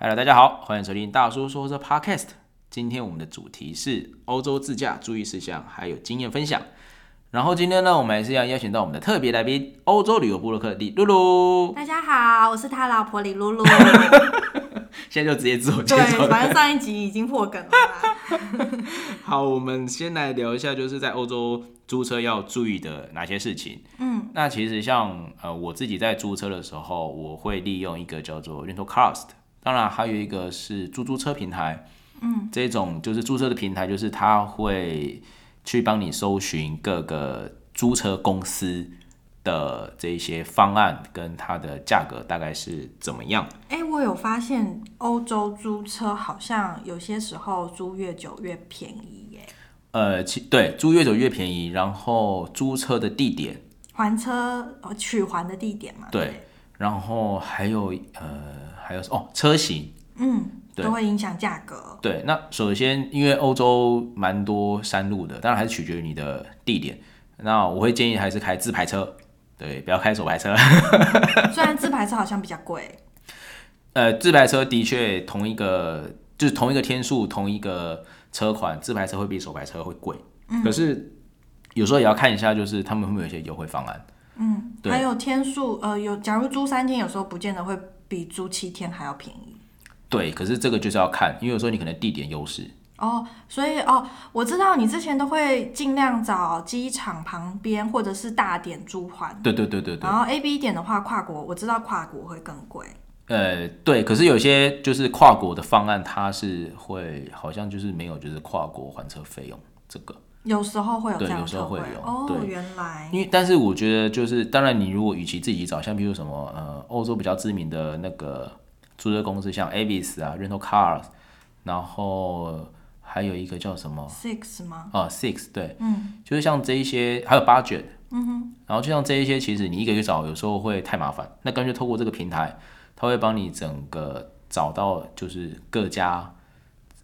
Hello，大家好，歡迎收聽大叔說車 Podcast。今天我們的主題是歐洲自駕注意事項，還有經驗分享。然後今天呢，我們還是要邀請到我們的特別來賓——歐洲旅遊部落客李露露。大家好，我是他老婆李露露。 現在就直接自我介紹了， 對，反正上一集已經破梗了。 好，我們先來聊一下，就是在歐洲租車要注意的哪些事情。嗯，那其實像呃，我自己在租車的時候，我會利用一個叫做 Rentalcars 當然，還有一個是租，租車平台，嗯，這種就是租車的平台，就是他會去幫你搜尋各個租車公司的這一些方案跟它的價格大概是怎麼樣。哎、欸，我有發現，歐洲租車好像有些時候租越久越便宜耶，欸。呃，其對，租越久越便宜，然後租車的地點，還車取還的地點嘛？對，對。然後還有呃。還有哦，車型，嗯，對都會影響價格。對，那首先因為歐洲蠻多山路的，當然還是取決於你的地點。那我會建議還是開自排車，對，不要開手排車。嗯，雖然自排車好像比較貴， 呃，自排車的確同一個就是同一個天數，同一個車款，自排車會比手排車會貴。嗯，可是有時候也要看一下，就是他們會不會有些優惠方案。嗯，對還有天數，呃，有假如租三天，有時候不見得會。比租七天還要便宜，對。可是這個就是要看，因為有時候你可能地點優勢哦，所以哦，我知道你之前都會盡量找機場旁邊或者是大點租還。對對對對對。然後 AB 點的話，跨國我知道跨國會更貴。呃，對，可是有些就是跨國的方案，它是會好像就是沒有就是跨國還車費用這個。有時候會有會，對，有時候會有哦。對原來，因為但是我覺得就是，當然你如果與其自己找，像比如什麼呃，歐洲比較知名的那個租車公司，像 Avis 啊，Rental Cars，然後還有一個叫什麼 Six 嗎？哦 Six 對，嗯，就是像這一些，還有 Budget，嗯哼，然後就像這一些，其實你一個月找有時候會太麻煩，那乾脆透過這個平台，它會幫你整個找到就是各家。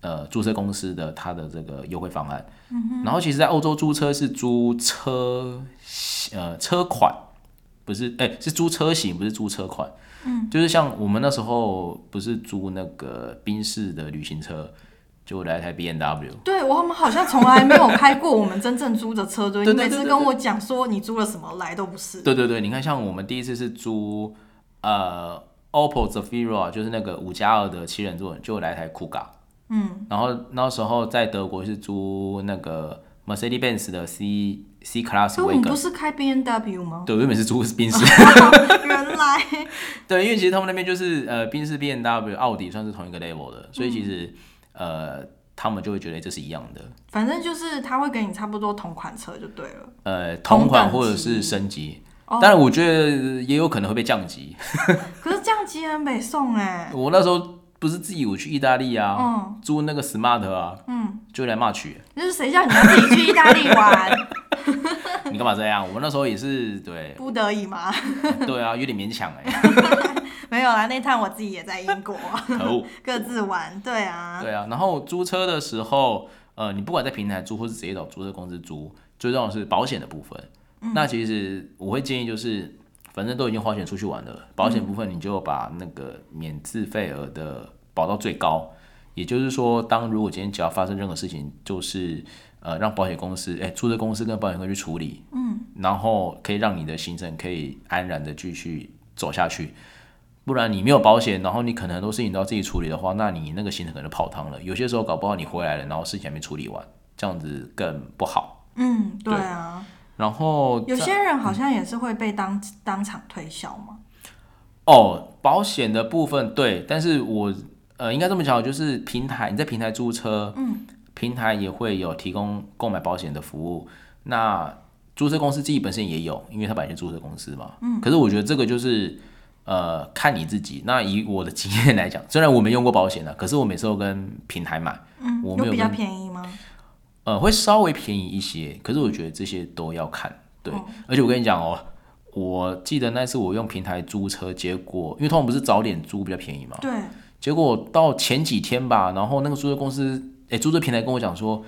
呃，租車公司的它的這個優惠方案，嗯、哼然後其實，在歐洲租車是租車，呃，車款不是，哎、欸，是租車型，不是租車款。嗯，就是像我們那時候不是租那個賓士的旅行車，就來台 B M W。對，我們好像從來沒有開過我們真正租的車， 對，每次跟我講說你租了什麼來都不是。對對對，你看像我們第一次是租呃 Opel Zafira 就是那個五加二的七人座，就來台酷咖。嗯，然後那時候在德國是租那個 Mercedes-Benz 的 C C Class，可是，你不是開 B M W 嗎？嗯、對，原本是租的是賓士，原來 對，因為其實他們那邊就是呃賓士 B M W, B M W，奧迪算是同一個 level 的，所以其實、嗯、呃他們就會覺得這是一樣的。反正就是他會給你差不多同款車就對了，呃，同款或者是升級，級當然我覺得也有可能會被降級。哦、 可是降級很沒送哎！我那時候，不是自己我去意大利啊，嗯、租那個 smart 啊，嗯，就來罵去、欸。那是誰叫你要自己去意大利玩？ 你幹嘛這樣？我們那時候也是對，不得已嘛、 欸，對啊，有點勉強哎、欸。 沒有啦，那一趟我自己也在英國，可惡。 各自玩。對啊，對啊。然後租車的時候，呃，你不管在平台租，或是直接找租車公司租，最重要是保險的部分。嗯、那其實我會建議就是。反正都已經花錢出去玩了，保險部分你就把那個免自費額的保到最高，嗯、也就是說，當如果今天只要發生任何事情，就是呃讓保險公司、哎租車公司跟保險公司去處理，嗯，然後可以讓你的行程可以安然的繼續走下去。不然你沒有保險，然後你可能很多事情都要自己處理的話，那你那個行程可能就泡湯了。有些時候搞不好你回來了，然後事情還沒處理完，這樣子更不好。嗯，對啊。對然後有些人好像也是會被當、嗯、當場推銷嗎？哦，保險的部分對，但是我呃應該這麼講，就是平台你在平台租車，嗯，平台也會有提供購買保險的服務。那租車公司自己本身也有，因為它本身是租車公司嘛，嗯。可是我覺得這個就是呃看你自己。那以我的經驗來講，雖然我沒用過保險的，可是我每次都跟平台買，嗯，我沒有，有比較便宜嗎？呃、嗯，會稍微便宜一些，可是我覺得這些都要看，對。嗯、而且我跟你講哦、喔，我記得那次我用平台租車，結果因為通常不是早點租比較便宜嘛，對。結果到前幾天吧，然後那個租車公司，哎、欸，租車平台跟我講說，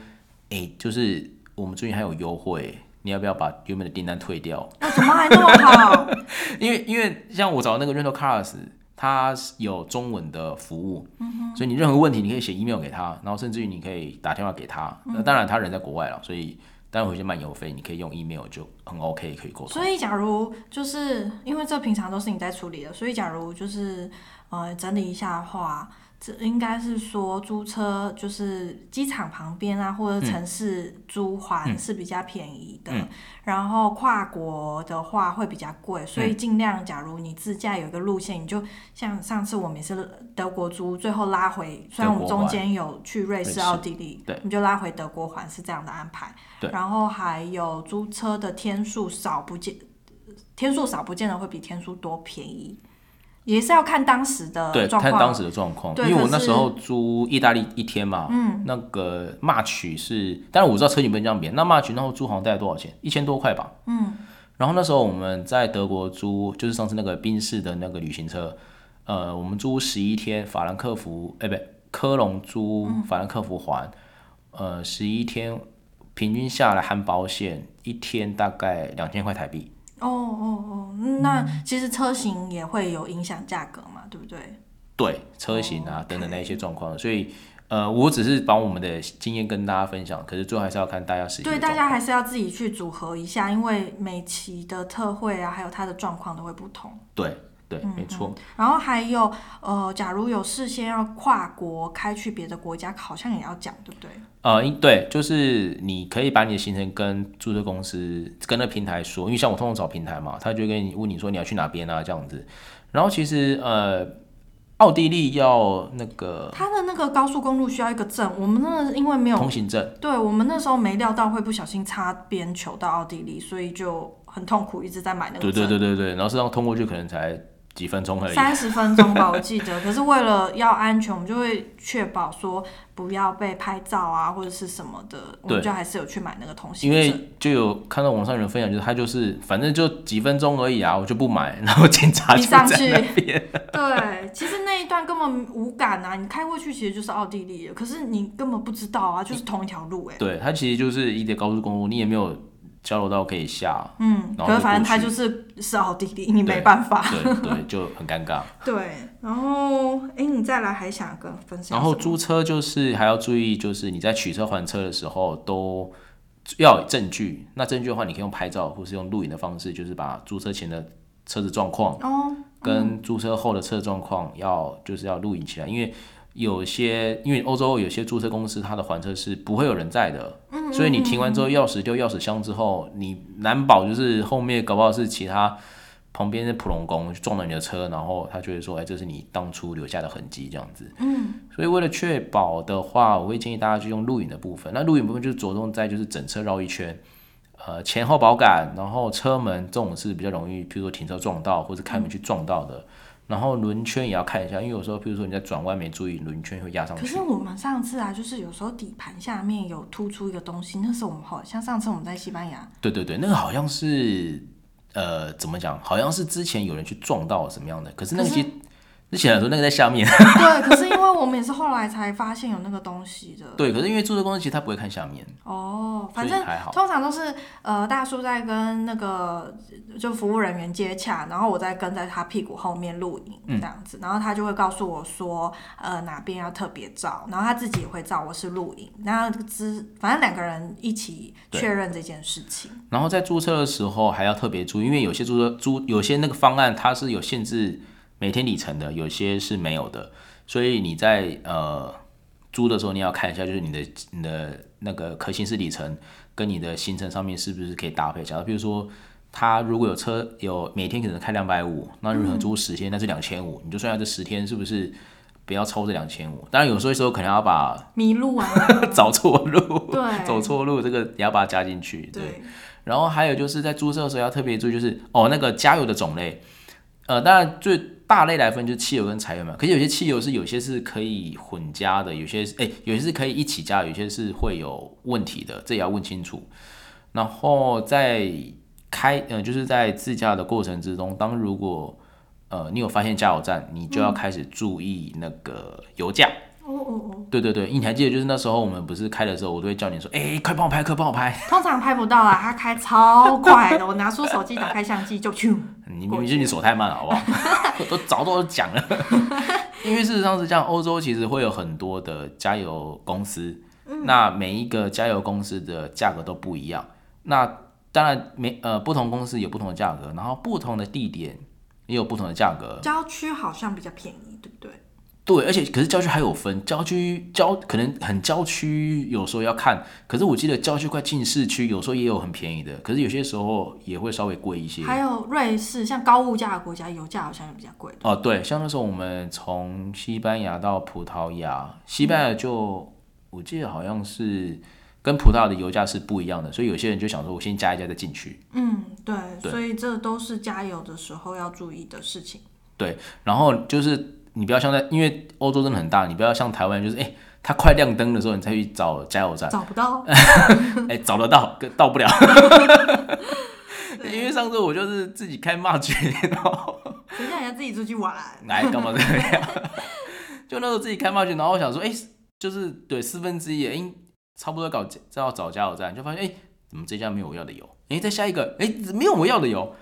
哎、欸，就是我們最近還有優惠、欸，你要不要把原本的訂單退掉？那怎麼還那麼好？ 因為因為像我找那個 Rental Cars。他有中文的服務，嗯、哼所以你任何問題，你可以寫 email 給他，嗯、哼然後甚至於你可以打電話給他。那、嗯、哼當然他人在國外了，所以當然回去漫遊費，你可以用 email 就很 OK，可以溝通。所以假如就是因為這平常都是你在處理的，所以假如就是呃整理一下的話。這應該是說，租車就是機場旁邊啊，或者城市租還是比較便宜的，嗯嗯嗯、然後跨國的話會比較貴，所以盡量假如你自駕有一個路線，嗯、你就像上次我們也是德國租，最後拉回，雖然我們中間有去瑞士、奧地利，你就拉回德國還是這樣的安排。對然後還有租車的天數少不見，天數少不見得會比天數多便宜。也是要看當時的對，看當時的狀況。因為我那時候租意大利一天嘛，嗯，那個 March 是，當然我知道車型不能這樣免，那 March 然後租好像大概多少錢？一千多塊吧，嗯。然後那時候我們在德國租，就是上次那個賓士的那個旅行車，呃，我們租十一天法，法蘭克福，哎，不對，科隆租法，法蘭克福還，呃，十一天，平均下來含保險一天大概兩千塊台幣。哦哦哦，oh, oh, oh. 那其實車型也會有影響價格嘛，嗯、對不對？對，車型啊、oh, 等等那些狀況，所以呃，我只是把我們的經驗跟大家分享，可是最後還是要看大家實際。對，大家還是要自己去組合一下，因為每期的特惠啊，還有它的狀況都會不同。對。對，嗯哼，沒錯。然後還有，呃，假如有事先要跨國開去別的國家，好像也要講，對不對？呃，對，就是你可以把你的行程跟租車公司、跟那平台說，因為像我通常找平台嘛，他就跟你問你說你要去哪邊啊這樣子。然後其實，呃，奧地利要那個他的那個高速公路需要一個證，我們那因為沒有通行證，對我們那時候沒料到會不小心擦邊球到奧地利，所以就很痛苦，一直在買那個證。對對對對對，然後是讓通過去，可能才。幾分鐘而已，三十分鐘吧，我記得。 可是為了要安全，我們就會確保說不要被拍照啊，或者是什麼的，對我們就還是有去買那個通行證。因為就有看到網上有人分享，就是他就是反正就幾分鐘而已啊，我就不買。然後警察一上去，對，其實那一段根本無感啊，你開過去其實就是奧地利，可是你根本不知道啊，就是同一條路哎、欸。對，它其實就是一條高速公路，你也沒有交流道可以下，嗯，然後可是反正他就是是奧迪的，你沒辦法，對對，對，就很尷尬。 對，然後哎，你再來還想跟分享。然後租車就是還要注意，就是你在取車還車的時候都要有證據。那證據的話，你可以用拍照或是用錄影的方式，就是把租車前的車子狀況跟租車後的車子狀況要就是要錄影起來，因為有些因為歐洲有些租車公司它的還車是不會有人在的。所以你停完之後，鑰匙丟鑰匙箱之後，你難保就是後面搞不好是其他旁邊的普龍工撞到你的車，然後他就會說，哎、欸，這是你當初留下的痕跡這樣子。嗯，所以為了確保的話，我會建議大家去用錄影的部分。那錄影部分就是着重在就是整車繞一圈，呃，前後保桿，然後車門這種是比較容易，譬如說停車撞到或者開門去撞到的。然後輪圈也要看一下，因為有時候，譬如說你在轉彎沒注意，輪圈會壓上去。可是我們上次啊，就是有時候底盤下面有突出一個東西，那是我們好像上次我們在西班牙。對對對，那個好像是，呃，怎麼講？好像是之前有人去撞到什麼樣的？可是那些你起來說那個在下面。嗯、 對，可是因為我們也是後來才發現有那個東西的。 對，可是因為租車公司其實他不會看下面。哦，反正通常都是呃大叔在跟那個就服務人員接洽，然後我再跟在他屁股後面錄影這樣子，嗯、然後他就會告訴我說呃，哪邊要特別照，然後他自己也會照，我是錄影。然後這反正兩個人一起確認對這件事情。然後在租車的時候還要特別注意，因為有些租車，有些那個方案它是有限制。嗯每天里程的，有些是沒有的，所以你在呃租的時候你要看一下，就是你的你的那個可行駛里程跟你的行程上面是不是可以搭配。假如比如說他如果有車有每天可能開兩百五，那如果租十天那是兩千五，你就算下這十天是不是不要超這兩千五。當然有時候有時候可能要把迷路啊、 找錯路、對走錯路這個也要把它加進去。對，對然後還有就是在租車的時候要特別注意，就是哦那個加油的種類。呃，當然，最大類來分，就是汽油跟柴油嘛。可是有些汽油是有些是可以混加的，有些哎、欸，有些是可以一起加，有些是會有問題的，這也要問清楚。然後在開呃，就是在自駕的過程之中，當如果、呃、你有發現加油站，你就要開始注意那個油價。哦哦哦。對對對，你還記得就是那時候我們不是開的時候，我都會叫你說，哎、欸，快幫我拍，快幫我拍。通常拍不到啊，他開超快的， 我拿出手機打開相機就咻。你明明是你鎖太慢了，好不好？ 都早都講了， 因為事實上是這樣，歐洲其實會有很多的加油公司，嗯、那每一個加油公司的價格都不一樣。那當然每呃不同公司有不同的價格，然後不同的地點也有不同的價格。郊區好像比較便宜，對不對？對，而且可是郊區還有分，郊區郊可能很郊區，有時候要看。可是我記得郊區快進市區，有時候也有很便宜的，可是有些時候也會稍微貴一些。還有瑞士，像高物價的國家，油價好像也比較貴。哦，對，像那時候我們從西班牙到葡萄牙，西班牙就我記得好像是跟葡萄牙的油價是不一樣的，所以有些人就想說我先加一加再進去。嗯，對，對所以這都是加油的時候要注意的事情。對，然後就是。你不要像在，因為歐洲真的很大，你不要像台灣，就是哎，它、欸、快亮燈的時候，你才去找加油站，找不到，哎、 欸，找得到，到不了， 對因為上次我就是自己開罵去，然後等下人家自己出去玩，來幹、哎、嘛這樣？ 就那時候自己開罵去，然後我想說，哎、欸，就是對四分之一，哎、欸，差不多要搞，要找加油站，就發現，哎、欸，怎麼這家沒有我要的油？哎、欸，再下一個，哎、欸，沒有我要的油。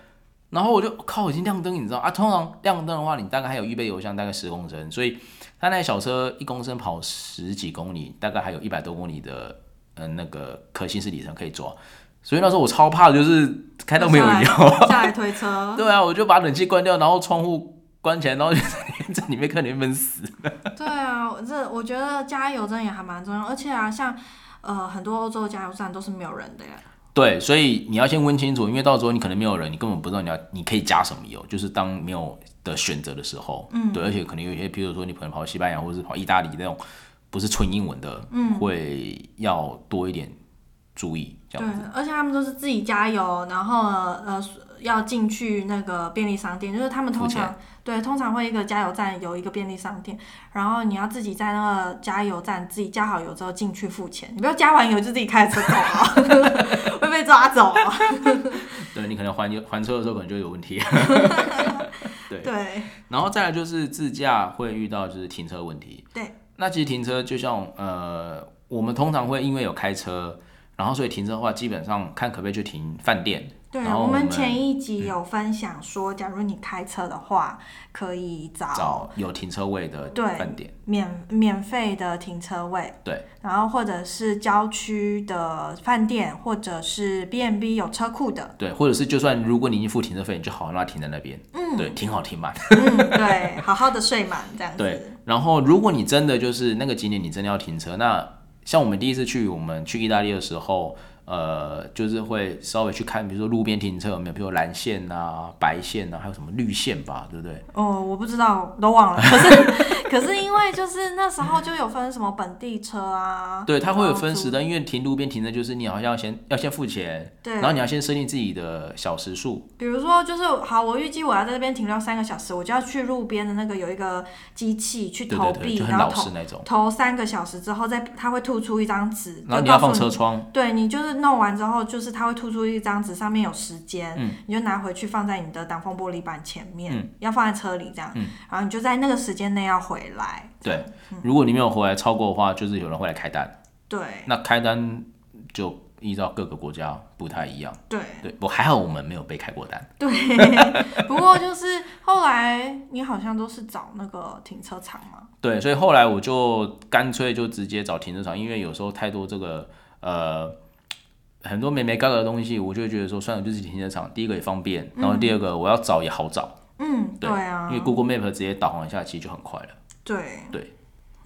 然後我就靠，已經亮燈，你知道啊？通常亮燈的話，你大概還有預備油箱，大概十公升。所以他那小車一公升跑十幾公里，大概還有一百多公里的嗯那個可信式里程可以做。所以那時候我超怕，就是開到沒有油，下來推車。 對啊，我就把冷氣關掉，然後窗戶關起來，然後就在這裡面看你，你會悶死。對啊，這我覺得加油站也還蠻重要，而且啊，像呃很多歐洲的加油站都是沒有人的呀。對，所以你要先問清楚，因為到時候你可能沒有人，你根本不知道你要，你可以加什麼油，就是當沒有的選擇的時候，嗯，對，而且可能有一些，譬如說你可能跑西班牙或者是跑意大利那種，不是純英文的，嗯，會要多一點注意，這樣子。對，而且他們都是自己加油，然後呃，要進去那個便利商店，就是他們通常。對，通常會一個加油站有一個便利商店，然後你要自己在那個加油站自己加好油之後進去付錢。你不要加完油就自己開車走啊， 會被抓走。對，你可能還油還車的時候可能就有問題。 對，對然後再來就是自駕會遇到就是停車問題。對，那其實停車就像呃，我們通常會因為有開車，然後所以停車的話，基本上看可不可以去停飯店。對，我們，我們前一集有分享說，嗯，假如你開車的話，可以找找有停車位的飯店，對，免免費的停車位。對，然後或者是郊區的飯店，或者是 B&B 有車庫的。對，或者是就算如果你已經付停車費，你就好好讓它停在那邊。嗯，對，挺好停嘛。嗯， 對，好好的睡嘛，這樣子。對。然後，如果你真的就是那個景點，你真的要停車，那像我們第一次去，我們去意大利的時候。呃，就是會稍微去看，比如說路邊停車有沒有，比如說藍線啊、白線啊，還有什麼綠線吧，對不對？哦、呃，我不知道，都忘了。 可是，可是因為就是那時候就有分什麼本地車啊，對，它會有分時的，因為停路邊停車就是你好像要先要先付錢，對，然後你要先設定自己的小時數，比如說就是好，我預計我要在這邊停留三個小時，我就要去路邊的那個有一個機器去投幣，然後投，就很老實那種，投三個小時之後，再它會吐出一張紙，然後你要放車窗，對你就是。弄完之後，就是它會突出一張紙，上面有時間，嗯、你就拿回去放在你的擋風玻璃板前面，嗯、要放在車裡這樣，嗯、然後你就在那個時間內要回來。對，嗯、如果你沒有回來超過的話，就是有人會來開單。對，那開單就依照各個國家不太一樣。對對，不過還好，我們沒有被開過單。對， 不過就是後來你好像都是找那個停車場嘛。對，所以後來我就乾脆就直接找停車場，因為有時候太多這個呃。很多眉眉角角的東西，我就會覺得說算了，就是停車場。第一個也方便，然後第二個我要找也好找。嗯，對嗯，對啊，因為 Google Map 直接導航一下，其實就很快了。對對，對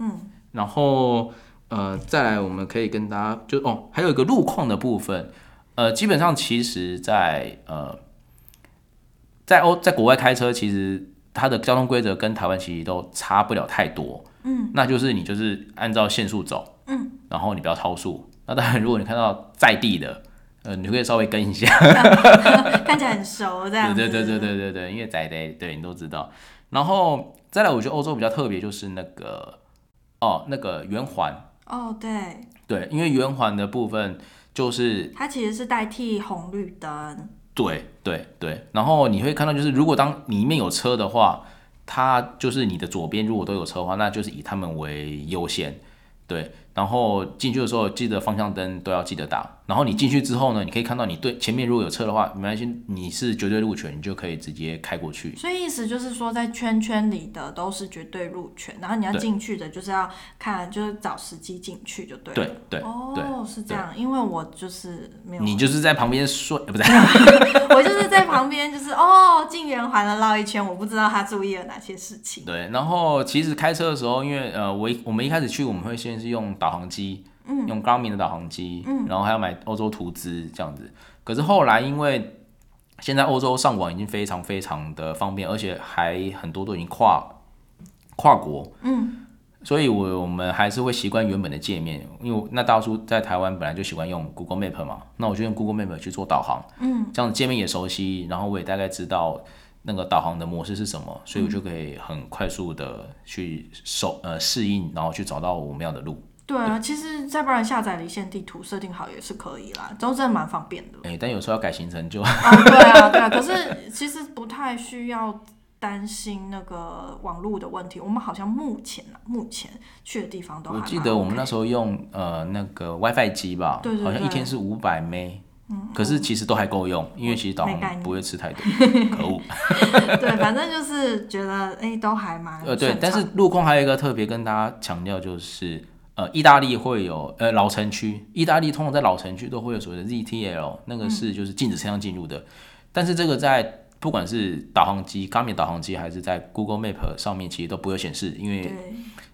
嗯，然後呃，再來我們可以跟大家就哦，還有一個路況的部分。呃，基本上其實在呃在歐在國外開車，其實它的交通規則跟台灣其實都差不了太多。嗯，那就是你就是按照限速走，嗯，然後你不要超速。那當然，如果你看到在地的，呃，你可以稍微跟一下， 看起來很熟的。對對對對對對，因為在地，對你都知道。然後再來，我覺得歐洲比較特別就是那個哦，那個圓環。哦，對。對，因為圓環的部分就是它其實是代替紅綠燈。對對對，然後你會看到就是如果當裡面有車的話，它就是你的左邊如果都有車的話，那就是以他們為優先，對。然後進去的時候記得方向燈都要記得打。然後你進去之後呢，你可以看到你對前面如果有車的話，沒關係，你是絕對路權，你就可以直接開過去。所以意思就是說，在圈圈裡的都是絕對路權，然後你要進去的就是，對就是要看，就是找時機進去就對了。對對。哦，oh, 對是這樣，對因為我就是沒有。你就是在旁邊睡，不在 我就是在旁邊，就是哦，進圓環了繞一圈，我不知道他注意了哪些事情。對，然後其實開車的時候，因為呃，我一我們一開始去我們會先是用導。導航機，嗯，用 g 明的導航機，嗯，然後還要買歐洲圖資這樣子。可是後來因為現在歐洲上網已經非常非常的方便，而且還很多都已經跨跨國，嗯，所以我我們還是會習慣原本的界面，因為那大叔在台灣本來就喜歡用 Google Map 嘛，那我就用 Google Map 去做導航，嗯，這樣子界面也熟悉，然後我也大概知道那個導航的模式是什麼，所以我就可以很快速的去手呃適應，然後去找到我們要的路。對啊，其實再不然下載離線地圖，設定好也是可以啦，總之真的蠻方便的。哎、欸，但有時候要改行程就、啊。對啊，對啊，對啊 可是其實不太需要擔心那個網絡的問題。我們好像目前啊，目前去的地方都還我記得我們那時候用呃那個 WiFi 機吧，對對對對好像一天是五百 M，、嗯、可是其實都還夠用，嗯、因為其實導航不會吃太多。對，反正就是覺得哎、欸，都還蠻呃對。但是路況還有一個特別跟大家強調就是。呃，意大利會有呃老城區，意大利通常在老城區都會有所謂的 ZTL，那個是就是禁止車輛進入的，嗯、但是這個在不管是導航機、Garmin 導航機，還是在 Google Map 上面，其實都不會顯示，因為。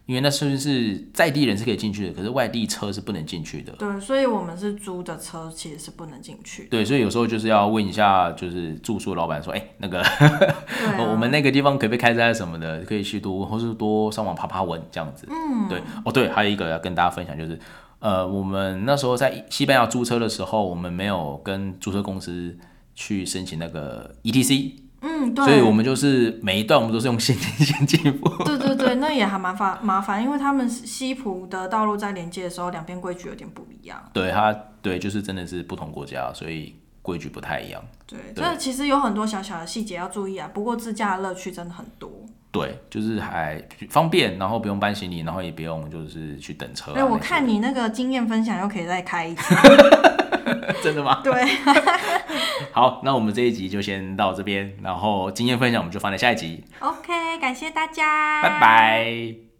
因為那是是在地人是可以進去的，可是外地車是不能進去的。對，所以我們是租的車，其實是不能進去。對，所以有時候就是要問一下，就是住宿的老闆說，哎、欸，那個、 啊、我們那個地方可不可以開齋什麼的，可以去讀，或是多上網爬爬文這樣子。嗯，對。哦，對，還有一個要跟大家分享就是，呃，我們那時候在西班牙租車的時候，我們沒有跟租車公司去申請那個 ETC、嗯。嗯，對。所以我們就是每一段我們都是用現金先支付。步對對對。也還蠻麻煩麻煩，因為他們西普的道路在連接的時候，兩邊規矩有點不一樣。對，它對，就是真的是不同國家，所以規矩不太一樣。對，對所以其實有很多小小的細節要注意啊。不過自駕樂趣真的很多。對，就是還方便，然後不用搬行李，然後也不用就是去等車、啊。哎，我看你那個經驗分享又可以再開一次。 真的嗎？對， 好，那我們這一集就先到這邊，然後經驗分享我們就放在下一集。OK，感謝大家，拜拜。